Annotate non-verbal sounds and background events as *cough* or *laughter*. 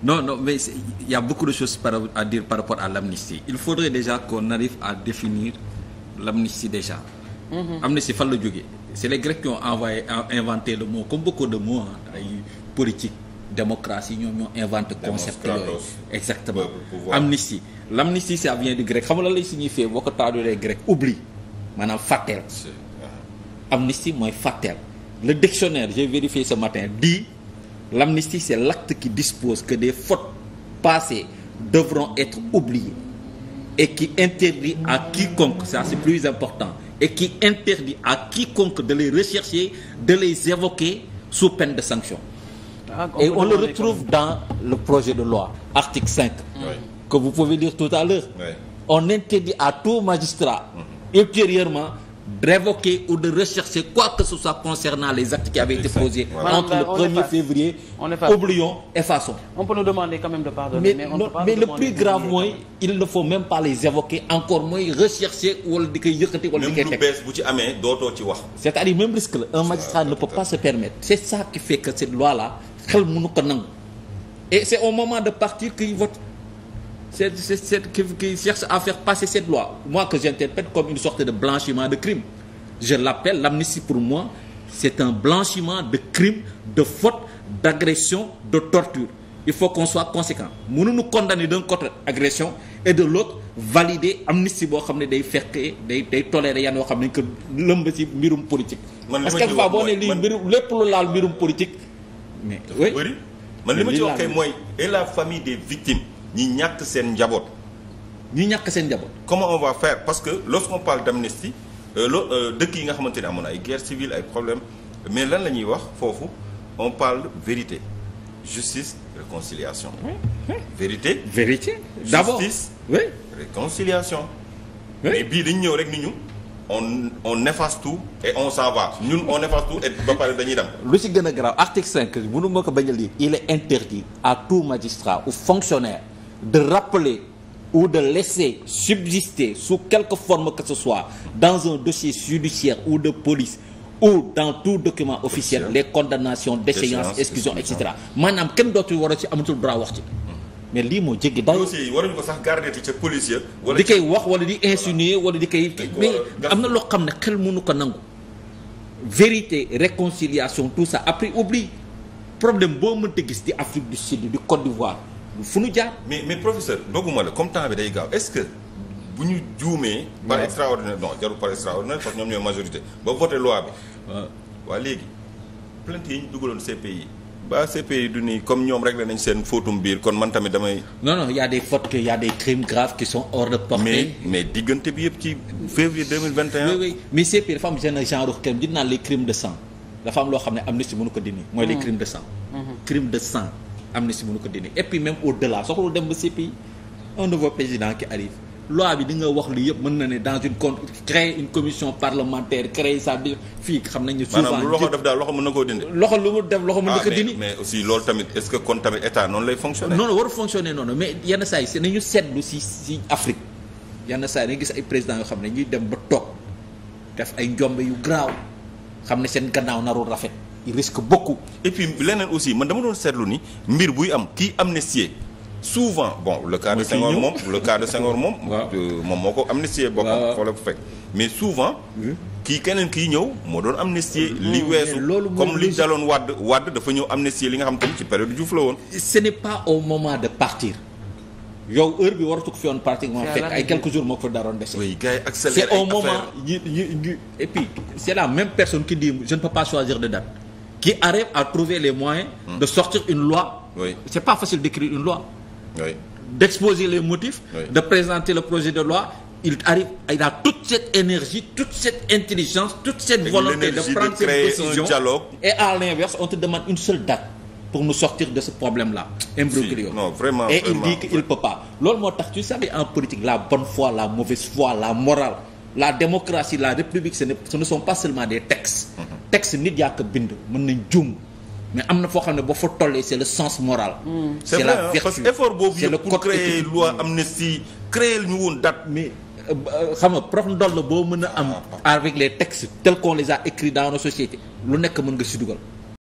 non non mais il y a beaucoup de choses par à dire par rapport à l'amnistie il faudrait déjà qu'on arrive à définir l'amnistie déjà mhm. amnistie fan la jógee c'est les Grecs qui ont envoyé inventé le mot comme beaucoup de mots ay politique démocratie ñoom ñoo invente concept yooyu exactement amnistie l'amnistie ça vient du grec xam nga lan signifier boo ko taadulee grec oubli maanaam fàtteel amnistie mooy fàtteel le dictionnaire j'ai vérifié ce matin dit l'amnistie c'est l'acte qui dispose que des fautes passées devront être oubliées et qui interdit à quiconque, ça c'est plus important, et qui interdit à quiconque de les rechercher, de les évoquer sous peine de sanction. Ah, et on le retrouve dans le projet de loi, article 5, que vous pouvez lire tout à l'heure. Oui. On interdit à tout magistrat, mhm. ultérieurement, révoquer ou de rechercher quoi que ce soit concernant les actes qui avaient été posés entre le 1 février oublions le plus grave mooy il ne faut même pas les encore mooy rechercher wala di koy yëkkati wala di koy bu ci amee dootoo ci wax c'est-à-dire même risque la un magistrat ne peut pas se permettre c'est ça qui fait que cette loi là xel mënu ko nangu et c'est au moment de partir que votre c'est c'est qui cherche à faire passer cette loi moi que j'interprète comme une sorte de blanchiment de crime je l'appelle l'amnistie pour moi c'est un blanchiment de crime de faute d'agression de torture il faut qu'on soit conséquent mënuñu condamner d'un côté agression et de l'autre valider amnistie boo xam ne day fekkee day day tolérer yan yoo xam ne que lëmb ci mbirum politique parce que quelquefois boo ne lii mbirum lépp lu laal mbirum politique mais oui man li mooy et la famille des victimes ñi ñàkk seen njaboot. ñi ñàkk seen njaboot. comment on va faire parce que lorsqu'on parle d'amnistie euh, loo euh, dëkk yi nga xamante ne amoon ay guerre civile ay problème mais lan la ñuy wax foofu on parle vérité justice réconciliation. vérité. vérité d'abord justice. oui réconciliation. oui bii dañu ñëw rek ni ñu. on on efface tout et on s'en ñun on efface tout et ba pare dañuy dem. lu ci gën a garaaw article 5 mënu ma ko bañ a lire. il est interdit à tout magistrat ou fonctionnaire. de rappeler ou de laisser subsister su quelque forme que ce soit dans un dossier judiciaire ou de police ou dans tout document officiel les condamnations déchéances exclusions et cetera maanaam kenn dootu war a ci amatul droit wax ci hmm. mais lii moo jéggi daw aussi waruñu ko sax garder ci police di koy wax wala di insinuer wala di koy am na loo xam ne xel mënu ko nangu vérité réconciliation tout ça après oubli problème boo mënta gis di Afrique du Sud du Côte d'Ivoire fu nu jaar. mais mais professeur dogguma la comme temps bi day gaaw est-ce que bu ñu juumee. par extraordinaire non jarul par extraordinaire parce que ñoom ñooy majorité ba voté loi bi. waa léegi plainte yi ñu dugaloon CPI. ba CPI du nii comme ñoom réglé nañ seen fóotum biir kon man tamit damay. non non y a des fautes que y a des qui sont hors de mais mais diggante bi yëpp ci février 2021. oui oui mais CPI dafa am genre genre crime di naan les loo xam ne amnistie mënu ko dindi. mooy les hmm. de sang. Hmm. crime amnistie mënu ko dindi et puis même au delà soxlu dem ba CPI un nouveau président qui arrive loi bi di wax lu yëpp mën na ne dans une compte créer une commission parlementaire créer ça bi fii xam nañu. souvent maanaam lu loxo def daal loxo mën na koo dindi. loxo ah, tamit est-ce que kon tamit état noonu lay fonctionner. non non warul fonctionner noonu mais yenn seetlu si si Afrique yenn saa yi dañu gis ay présidents yoo xam ne ñuy dem ba toog def ay njombe yu garaaw xam ne seen gannaaw narul rafet. il risque beaucoup. et puis leneen aussi man dama doon seetlu ni mbir buy am kii amnistié souvent bon le cas de Senghor moom le cas de Senghor moom. *laughs* Euh, moom moo ko amnistié boppam foo la fekk mais souvent. kii keneen kii ñëw moo doon amnistier mm, li weesu comme li daloon wàdd wàdd dafa ñëw amnistier li nga xam te ci période Diouf la woon. ce n'est pas au moment de partir yow heure bi waratu ko fi woon pratiquement fekk ay quelques jours moo ko fa daroon dese. oui gars yi la même personne qui qui arrive à trouver les moyens hmm. de sortir une loi. Oui. C'est pas facile d'écrire une loi. D'exposer les motifs, oui. de présenter le projet de loi, il arrive, toute cette énergie, toute cette intelligence, toute cette et volonté de prendre de cette décision. Et à l'inverse, on te demande une seule date pour nous sortir de ce problème-là, imbroglio. Si, vraiment, et il dit qu'il ne peut pas. Loolu moo tax tu savais en politique la bonne foi, la mauvaise foi, la morale, la démocratie, la république, ce texte nit yaa ko bind mën nañ jum mais am na foo xam ne boo fa tollee c'est le sens moral. Hmm. c'est, c'est vrai, la vertu parce que effort boobu yëpp pour na loi amnistie créer ñu woon dat mais. Euh, euh, xam nga prof la boo mën a am ah, ah, ah. avec les textes tels qu'on les a écrits dans nos lu nekk mën nga si dugal